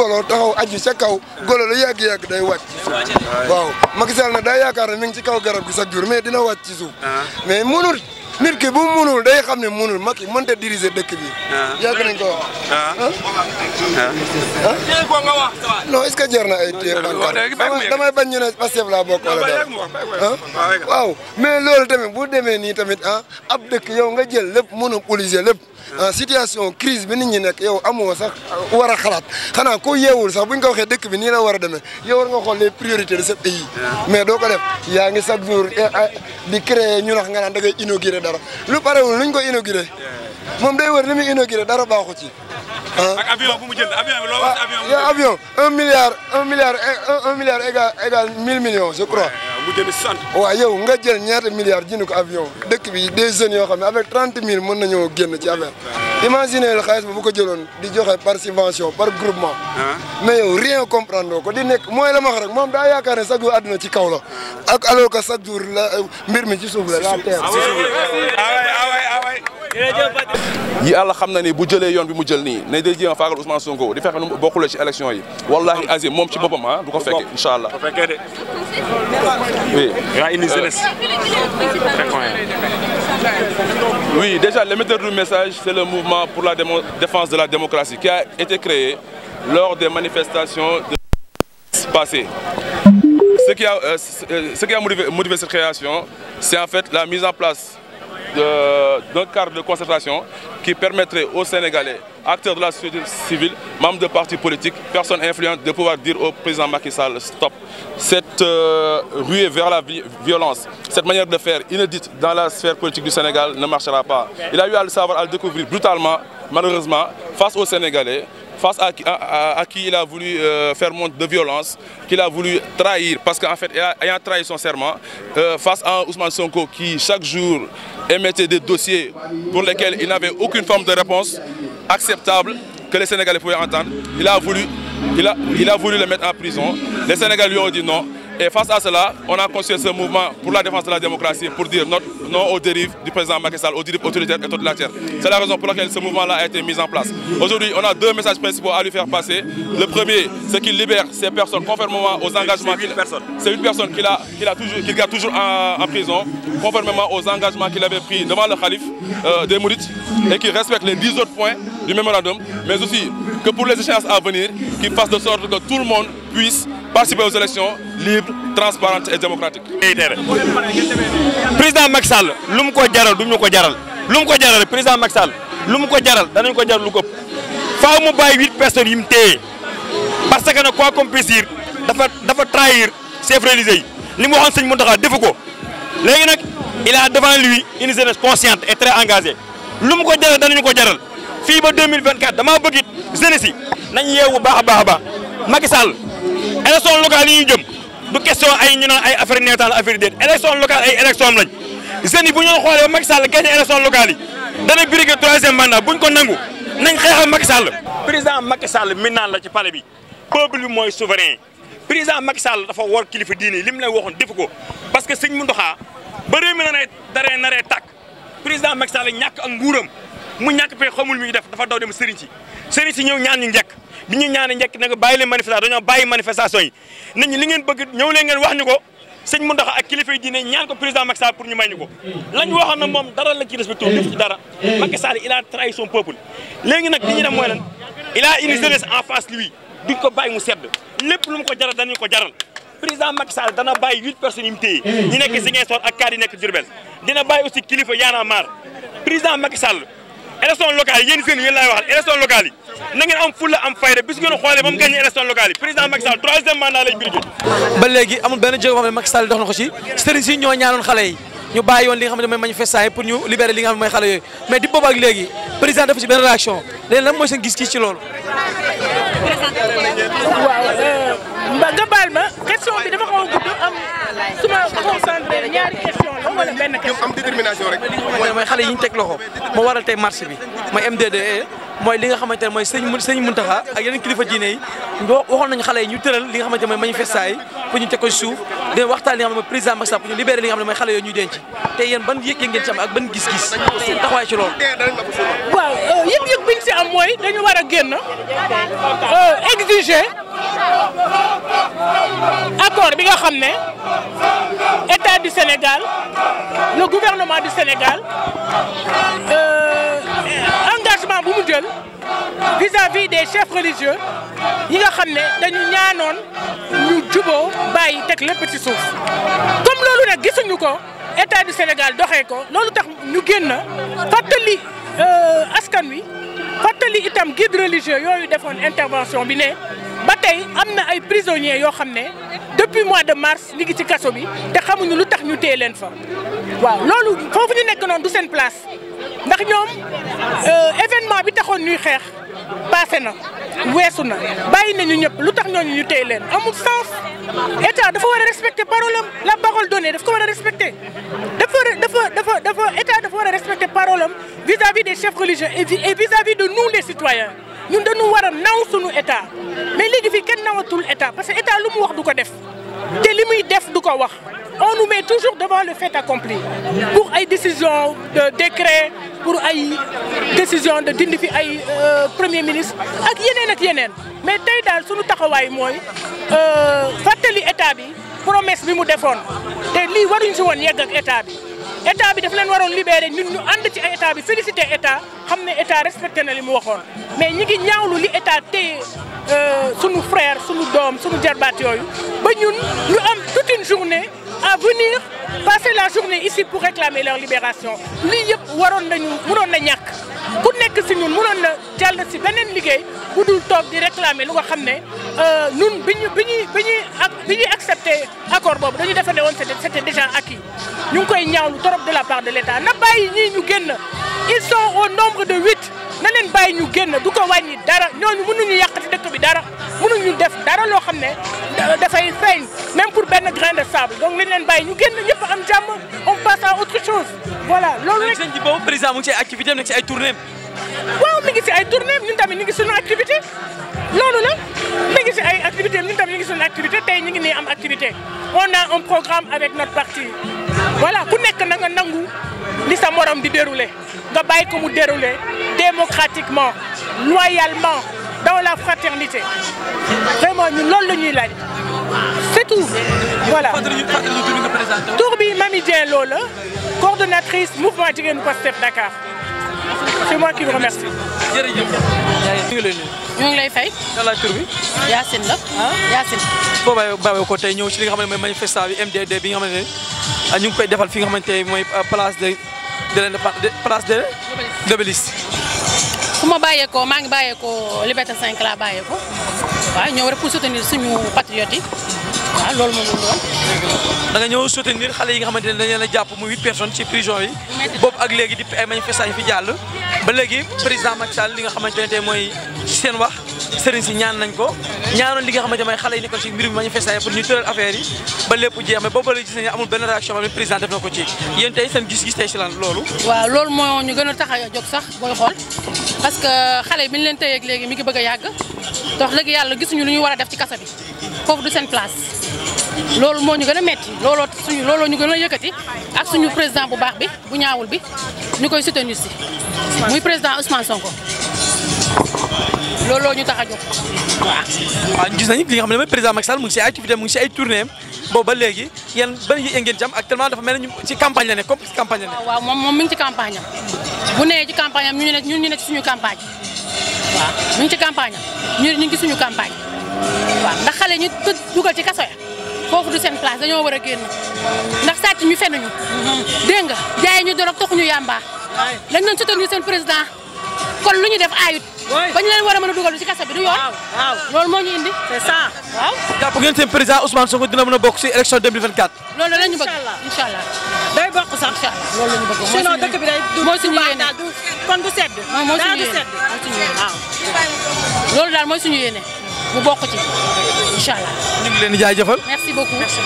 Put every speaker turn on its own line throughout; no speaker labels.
golo taxaw aju sa kaw golo lu yàgg-yàgg day wàcc waaw Macky Sall nag day yaakaar ne mi ci kaw garab gi chaque jour mais dina wàcc ci suuf ah. mais munul nit ki bu munul day xam ne munul Macky mënta diriger dëkk bi ah. yàgg nañ ko wax ah, ah. non est-ce que jar ay téye bànqaat damay bañ ñu ne Pastef laa bokk wala dara ah waaw mais loolu demee nii tamit ah ab dekk yow nga jël lépp munu poliser lépp Euh, situation crise bi nit ñi nekk yow amoo sax war a xalaat xanaa ko yeewul sax bu ñu ko waxee dëkk bi nii la war a demee yow war nga xool les priorités de ce pays mais doo ko def yaa ngi chaque jour eh, eh, di créer ñu nax nga naan da ngay inauguré dara lu parewul luñ ko inauguré moom day wër li muy inauguré dara baaxu ci ak avion bu mu jënd avion bi loo wax ah, avion un milliard un milliard un milliard égal égal mille millions je mu jënd 60. waaw yow nga jël ñaata milliards jënd avion dëkk des jeunes yoo xam ne avec 30 000 mën nañoo génn ci affaire imaginer la xaalis ba bu ko jëloon di joxe par subvention par groupement. Ah. mais yow rien comprendre ko di nekk mooy la ma wax rek moom daa yaakaar ne chaque jour àdduna ci kaw la ak alors que chaque jour la mbir mi ci suuf la la terre. Ah
ah yi àlla xam na bu jële yoon bi mu jël nii ne day jéem a faagal Ousmane Sonko di fexe nu bokkule yi wallahi azim moom ci boppam ah du ko fekkee incha allah oui oui déjà l'émetteur du message c'est le mouvement pour la défense de la démocratie qui a été créé lors des manifestations de passées ce qui a euh, euh cette création c'est en fait la mise en place de d'un cadre de concertation qui permettrait aux Sénégalais acteurs de la société civile, membres de partis politiques, personnes influentes, de pouvoir dire au président Macky Sall stop. Cette euh, ruée vers la violence, cette manière de faire inédite dans la sphère politique du Sénégal ne marchera pas. Il a eu à le savoir, à le découvrir brutalement, malheureusement, face aux Sénégalais, face à, à, à, qui il a voulu euh, faire montre de violence, qu'il a voulu trahir, parce qu'en fait, il a, ayant trahi son serment, euh, face à Ousmane Sonko qui, chaque jour, émettait des dossiers pour lesquels il n'avait aucune forme de réponse, acceptable que les Sénégalais pouvaient entendre. Il a voulu, il a, il a voulu le mettre en prison. Les Sénégalais lui ont dit non. Et face à cela, on a conçu pour la défense de la démocratie, pour dire notre non du président Macky Sall, aux dérives autoritaires et C'est la raison pour laquelle ce mouvement-là a été mis en place. Aujourd'hui, on a deux messages principaux à lui faire passer. Le premier, c'est une personne. qu'il a, toujours, en, prison, conformément aux engagements qu'il avait pris devant le calife euh, des Mourites et qui respecte les 10 autres points du mémorandum, participer aux élections libres transparentes et démocratiques.
président Macky Sall lu mu ko jaral du ñu ko jaral lu ko jaral président Macky Sall lu mu ko jaral danañ ko jaral lu ko faaw mu bàyyi huit personnes yi mu téye parce que nag quoi qu'on puisse dafa dafa trahir chefs religieux yi li mu waxoon sëñ Mountakha defu ko léegi nag il a devant lui une jeunesse consciente et très engagée lu mu ko jaral danañu ko jaral fii ba 2024 damaa bëgg it jeunesse yi nañ yeewu baax a baax a baax élection locale yi ñu jëm du question ay ñu naan ay affaire neetaan affaire déet élection locale ay élection lañ jeunes yi bu ñu xoolee Macky Sall gagné élection locale yi dana briguer troisième mandat buñ ko nangu nañ xeexal Macky Sall. président Macky Sall mi naan la ci pale bi peuple bi mooy souverain président mag Sall dafa war kilifa diine yi li mu lay waxoon defu ko parce que sëñ Mountakha ba réew mi naree daree naree tàkk président Macky Sall ñàkk ak nguuram mu ñàkk pe xamul mi def dafa daw dem sëriñ si sëriñ ñëw ñaan ñu njëkk bi ñu ñaane njëkk ne ko bàyyi leen manifestation dañoo yi nit ñi li ngeen bëgg ñëw leen ngeen wax ñu ko sëñ Mountakha ak kilifa yi diine ñaan ko président Macky Sall pour ñu may ñu ko lañ waxoon na moom dara la ci respecté def ci dara Macky Sall il a trahi nag li ñu dem mooy lan a une jeunesse en face lui duñ ko bàyyi mu sedd lépp lu mu ko jaral danañu ko jaral président Macky Sall dana bàyyi huit personnes yi mu téye ñu nekk Ziguinchor ak kaar yi nekk Diourbel dina bàyyi aussi kilifa yaana maar président Macky Sall élection locale yi yéen seen yéen laay waxal élection locale yi na am fulla am fayda bis ngeen xoolee
ba mu gagné élection président Macky Sall troisième mandat lay ba léegi amul benn jéego boo dox na ci sëriñ si ñoo ñaanoon xale ñu bàyyi woon li nga xam ne mooy ñu libérer li nga xam ne mais di boobu ak président dafa ci réaction léegi lan mooy gis-gis ci loolu ñoom am détermination mooy xale yi ñu teg loxo moo waral tey marché bi mooy MDDE mooy li nga xamante ne mooy sëñ sëñ Muntaxa ak yeneen kilifa diine yi waxoon nañu xale yi ñu tëral li nga xamante ne mooy manifestant yi ñu teg ko suuf di waxtaan li nga xam ne mooy président Macky Sall ñu libéré li nga xam ne mooy xale yooyu ñuy denc te yéen ban yëg-yëg ngeen ci taxawaay ci loolu. waaw euh, yëg-yëg bi si am mooy dañu war a génn euh,
accord bi nga xam ne état du Sénégal le gouvernement du Sénégal euh, engagement bu mu jël vis-à-vis des chefs religieux yi nga xam ne dañu ñaanoon ñu juboo bàyyi teg lépp ci suuf comme loolu nag gisuñu ko état du Sénégal doxee ko loolu tax ñu génn fàttali euh, askan wi fàttali itam guide religieux yooyu defoon intervention bi ne ba tey am na ay prisonniers yoo xam ne depuis mois de mars ñu ngi ci kaso bi te xamuñu lu tax ñu téye leen fa waaw loolu foofu ñu nekk noonu du seen place ndax ñoom euh, événement bi taxoon ñuy xeex passé na weesu na na ñu ñëpp lu tax ñooñu ñu téye leen amul sens état dafa war a respecter parole am la parole donnée daf ko war a respecter dafa dafa dafa dafa état dafa war a respecter parole am vis-à-vis des chefs religieux et vis-à-vis de nous les citoyens ñun dañu war a naw suñu état mais léegi fii kenn nawatul état parce que état lu mu wax du ko def te li muy def du ko wax on nous met toujours devant le fait accompli pour ay décision de décret pour ay décision de dindi fi ay euh, premier ministre ak yeneen ak yeneen mais tey daal suñu taxawaay mooy euh, fàttali état bi promesse bi mu defoon te lii waruñ si woon yegg ak état bi état bi def leen waroon libéré ñun ñu ànd ci ay état bi félicité état xam ne état respecté na li mu waxoon mais ñi ngi ñaawlu li état téye euh, sunu frère sunu doom sunu jarbaat yooyu ba ñun ñu am toute une journée à venir passer la journée ici pour réclamer leur libération lii yëpp waroon nañu mënoon na ñàkk. ku nekk si ñun mënoon na jàll si beneen liggéey bu dul toog di réclamer lu nga xam ne euh, ñun bi ñu bi ñuy bi ñuy ak bi ñuy accepté accord boobu dañu defe ne woon c'était déjà acquis ñu ngi koy ñaawlu trop de la part de l'État na bàyyi ñii ñu génn ils sont au nombre de huit na leen bàyyi ñu génn du ko wàññi dara ñooñu mënuñu yàq ci dëkk bi dara ñu def dara loo xam ne dafay feeñ même pour benn grain de sable donc nañ leen bàyyi ñu génn ñëpp am jàmm on passe à autre chose voilà. loolu rek
sëñ bi boobu président mu ngi activité
am nag ci ay tournée waaw mi ngi ci ay tournée ñun ñu ngi suñu activité loolu la mi ngi ci activité ñun tamit ñu si suñu activité tey ñu ngi nii am activité on a un programme avec notre parti voilà ku nekk na nga nangu li sa morom di déroulé nga bàyyi ko mu deru déroulé démocratiquement loyalement. dans la fraternité vraiment ñun loolu la ñuy laaj c'est tout voilà tur bi Mamy Dieng Lo la coordonnatrice mouvement jigéenu Pastef Dakar
c'est moi qui vous remercie. jërëjëf.
ñu ngi lay fay. lan la tur bi.
Yacine la ah Yacine. boo ko tey ñëw ci li nga xam ne mooy manifestation bi MDD bi nga xam ne ah, ñu ngi koy defal fi nga xamante ne mooy ah, place de de place de l'Obélisque.
fu ma bàyyeekoo maa ngi bàyyeekoo Liberté 5 laa bàyyeekoo waaw ñëw rek pour soutenir suñu patriote yi. waaw ah, loolu moom
la da nga ñëw soutenir xale yi nga xamante ne dañ leen a jàpp mu huit personnes ci prison yi. boobu ak léegi di ay manifestations fi jàll. ba léegi président Macky li nga xamante ne tey mooy seen wax sëriñ si ñaan nañ ko ñaanoon li nga xamante ne mooy xale yi nekkoon ci mbirum manifestation yi pour ñu tëral affaire yi ba lépp jeex mais boobu la gis nañ amul benn réaction bi président def na ko ci yéen tey seen gis-gis tey si lan loolu.
waaw loolu moo ñu a tax a jóg sax booy xool parce xale yi bi leen tëyeeg léegi mi ngi bëgg a yàgg te wax dëgg yàlla gisuñu lu ñu war a def ci k foofu du seen loolu moo ñu gën a metti looloo suñu looloo ñu gën a yëkkati ak suñu président bu baax bi bu ñaawul bi ñu koy soutenir si muy président Ousmane ko looloo ñu tax a jóg
waaw. waaw nañu li xam ne mooy président Macky Sall mu si ay activité mu ngi si ay tournée boobu ba léegi yan ban yéen ngeen ci am actuellement dafa mel ni ñu ci campagne la nekk comme si campagne la
nekk. waaw moom moom ngi ci campagne bu nee ci campagne am ñu ne ñu ne ci suñu campagne waaw mi ngi ci campagne ñu ñu ngi suñu campagne. waaw ndax xale ñu tëj dugal ci kaso ya foofu du seen place dañoo war a génn ndax sàcc ñu fenuñu dégg nga jaay ñu dorog toxuñu yàmbaa lañ doon soutenir seen président kon lu ñu def ayut bañ leen war a mën a dugal ci kaso bi du yoon loolu moo ñu indi c'est ça waaw
jàpp seen président Ousmane Sonko dina mën a bokk si élection 2024
loolu la ñu bëgg incha allah day bokk sax incha allah loolu la ñu kon du sedd moo suñu yéene waaw loolu daal mooy suñu yéene mu bokk ci allah.
ñu leen di jaajëfal.
merci beaucoup merci.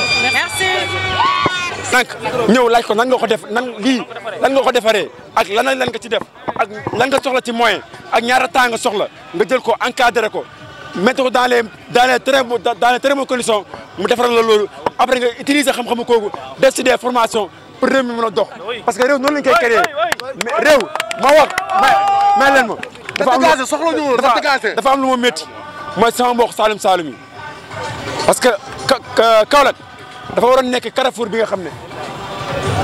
sànq ñëw laaj ko nan nga ko def nan lii lan nga ko defaree ak lan lañ lan nga ci def ak lan nga soxla ci moyen ak ñaara temps nga soxla nga jël ko encadré ko mettre ko dans les dans les très dans les très bonnes conditions mu defaral la loolu après nga utiliser xam-xamu kooku def ci des formations pour réew mi mën a dox parce que réew noonu lañ koy créé
réew
ma wax ma leen ma dafa am am lu ma métti mooy sama mbokk Saalum Saalum yi parce que Kaolack dafa waroon nekk carrefour bi nga xam ne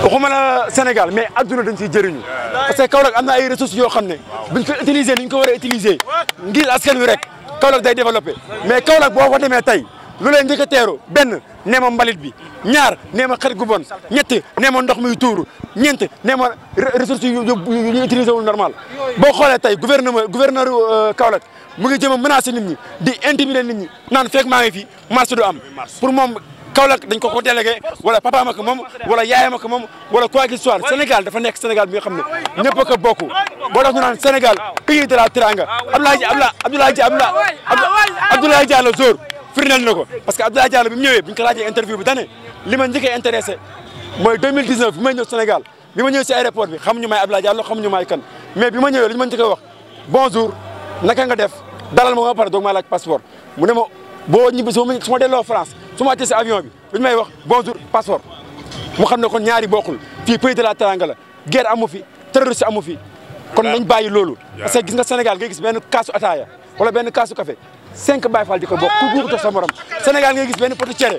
waxuma la Sénégal mais adduna dañ ciy jëriñu parce que Kaolack am na ay ressources yoo xam ne buñ ko utiliser ni ñu ko war a utiliser ngir askan wi rek Kaolack day développé mais Kaolack boo ko demee tey lu leen njëkk teeru benn nee ma mbalit bi ñaar nee ma xarit gu bon ñett nee ma ndox muy tuuru ñeent nee ma ressources yu ñu utiliser wul normal boo xoolee tey gouverneur gouverneur Kaolack mu ngi jëm a menacé nit ñi di intimider nit ñi naan fekk maa ngi fi marche du am pour moom Kaolack dañ ko ko délégué wala papa ma ko moom wala yaay ma ko moom wala quoi qu'il soit dafa nekk senegal bi nga xam ne ñëpp a ko bokk boo tax ñu naan Sénégal pays de la Teranga Abdoulaye Abdoulaye Abdoulaye Abdoulaye Diallo Zor firndeel na ko parce que Abdoulaye Diallo bi mu ñëwee bi ñu ko laajee interview bi dane li ma njëkkee intéressé mooy 2019 bi may ñëw Sénégal bi ma ñëw si aéroport bi may kan mais bi ma ñëwee li ma njëkkee wax bonjour naka nga def dalal ma ba pare doog maa laaj passeport mu ne ma boo ñibbi su ma delloo France su ma àccee si avion bi lu ñu may wax bonjour passeport mu xam ne kon ñaari bokkul fii pays de la Teranga la guerre amu fi terroriste amu fi kon nañ bàyyi loolu parce gis nga Sénégal ngay gis benn kaasu ataaya wala benn kaasu café cinq Baye Fall di ko bokk ku guur ko sa morom Sénégal ngay gis benn potu cere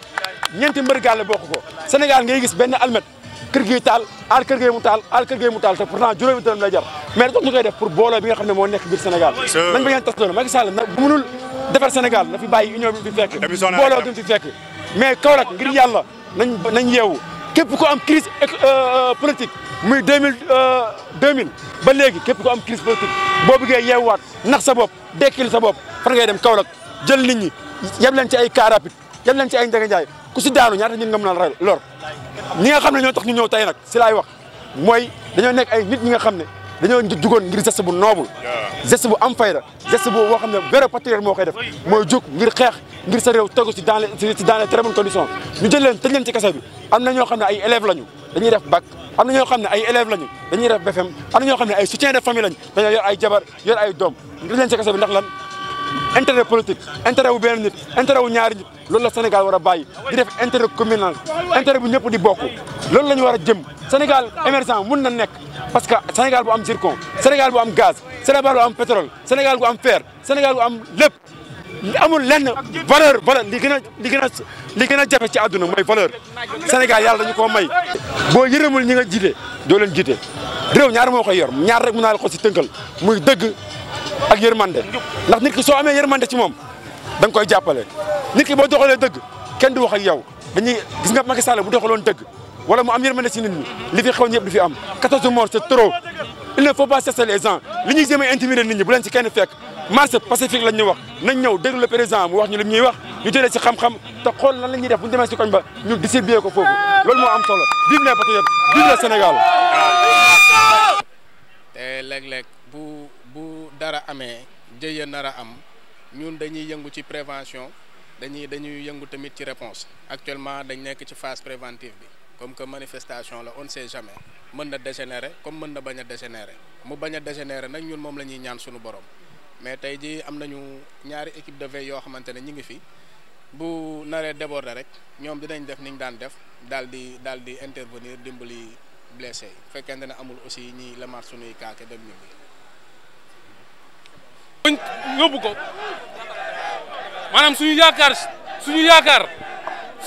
ñeenti mbër gàll bokk ko Sénégal ngay gis benn almet kër gi taal aal kër gi mu taal aal kër gi mu taal te pourtant juróomi dërëm lay mais da ne moo nekk biir Sénégal nañ ba ngeen tas loolu Macky Sall na mënul defar Sénégal na fi bàyyi union bi fi fekk booloo gi fi fekk mais Kaolack ngir yàlla nañ nañ yeewu képp ku am crise euh, euh, politique muy 2000 2000 euh, ba léegi képp ku am crise politique boo bëggee yeewuwaat nax sa bopp dekkil sa bopp fan ngay dem Kaolack jël nit ñi yem leen ci ay car rapide yem leen ci ay njegeñaay ku si daanu ñaata ñun nga naa a lor ñi nga xam ne ñoo tax ñu ñëw tey nag si laay wax mooy dañoo nekk ay nit ñi nga xam ne dañoo jugoon ngir geste bu noble geste bu am fayda geste bu boo xam ne vrai patriote moo koy def mooy jug ngir xeex ngir sa réew tegu si dans les si dans les très bonnes conditions ñu jël leen tëj leen ci kaso bi am na ñoo xam ne ay élèves lañu dañuy def bac am na ñoo xam ne ay élèves lañu dañuy def BFM am na ñoo xam ne ay soutien de famille lañu dañoo yor ay jabar yor ay doom ngir leen ci kaso bi ndax lan intérêt politique intérêt wu benn nit intérêt wu ñaari nit loolu la Sénégal war a bàyyi di def intérêt communal intérêt bu ñëpp di bokk loolu la ñu war a jëm Sénégal émergent mun na nekk parce que Sénégal bu am zircon Sénégal bu am gaz Sénégal bu am pétrole Sénégal bu am fer Sénégal bu am lépp amul lenn valeur valeur li gën a li gën a li gën a jafe ci àdduna mooy valeur Sénégal yàlla dañu ko may boo yërëmul ñi nga jiite doo leen jiite réew ñaar moo koy yor ñaar rek mu naa la ko si tënkal muy ak yërmande ndax nit ki soo amee yërmande ci moom da koy jàppale nit ki boo doxalee dëgg kenn di wax ak yow dañuy gis nga Macky Sall bu doxaloon dëgg wala mu am yërmande ci nit ñi li fi xew ñëpp du fi am 14 morts c'est trop il ne faut pas cesser les gens li ñuy jéem a intimider nit ñi bu leen ci kenn fekk marche pacifique lañ ñu wax nañ ñëw déglu le mu wax ñu li ñuy wax ñu jëlee ci xam-xam te xool lan la ñuy def bu ñu demee ba ñu distribuer ko foofu loolu moo am solo vive les patriotes vive le Sénégal.
te
léeg bu. dara amee jëye nar a am ñun dañuy yëngu ci prévention dañuy dañuy yëngu tamit ci réponse actuellement dañ nekk ci phase préventive bi comme que manifestation la on ne sait jamais mën na dégénérer comme mën na bañ a dégénérer mu bañ a dégénérer nag ñun moom la ñuy ñaan suñu borom mais tey jii am nañu ñaari équipe de veille yoo xamante ne ñu ngi fi bu naree déborder rek ñoom dinañ def ni daan def daal di daal di intervenir dimbali blessé yi fekkente ne amul aussi ñiy lemaat suñuy kaake dem ñu bi
bañ yóbbu ko maanaam suñu yaakaar suñu yaakaar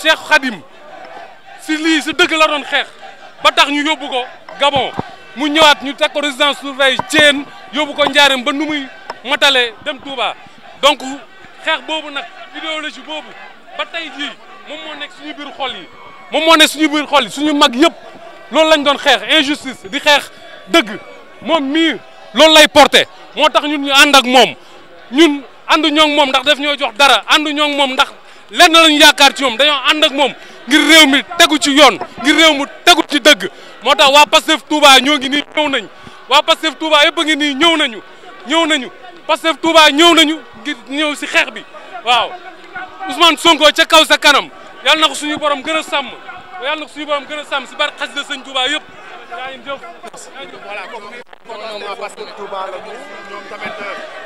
Cheikh Khadim si lii si dëgg la doon xeex ba tax ñu yóbbu ko Gabon mu ñëwaat ñu teg ko résidence surveillée Thiène yóbbu ko Njaareem ba nu muy matalee dem Touba donc xeex boobu nag idéologie boobu ba tey jii moom moo nekk suñu biir xol yi moom moo nekk suñu biir xol yi suñu mag yëpp loolu lañ doon xeex injustice di xeex dëgg moom mii loolu lay porté moo tax ñun ñu ànd ak moom ñun ànd ñoo moom ndax daf ñoo jox dara ànd ñoo moom ndax lenn lañu yaakaar ci moom dañoo ànd ak moom ngir réew mi tegu ci yoon ngir réew mi tegu ci dëgg moo tax waa Pastef Touba ñoo ngi nii ñëw nañ waa Pastef Touba yëpp a ngi nii ñëw nañu ñëw nañu Pastef Touba ñëw nañu ngir ñëw si xeex bi waaw Ousmane Sonko ca kaw sa kanam yàlla na ko suñu borom gën a sàmm yàlla na ko suñu borom gën a sàmm si bar xas da sëñ Touba yëpp voilà comme moom moo fas. Touba la ñu ñoom tamit.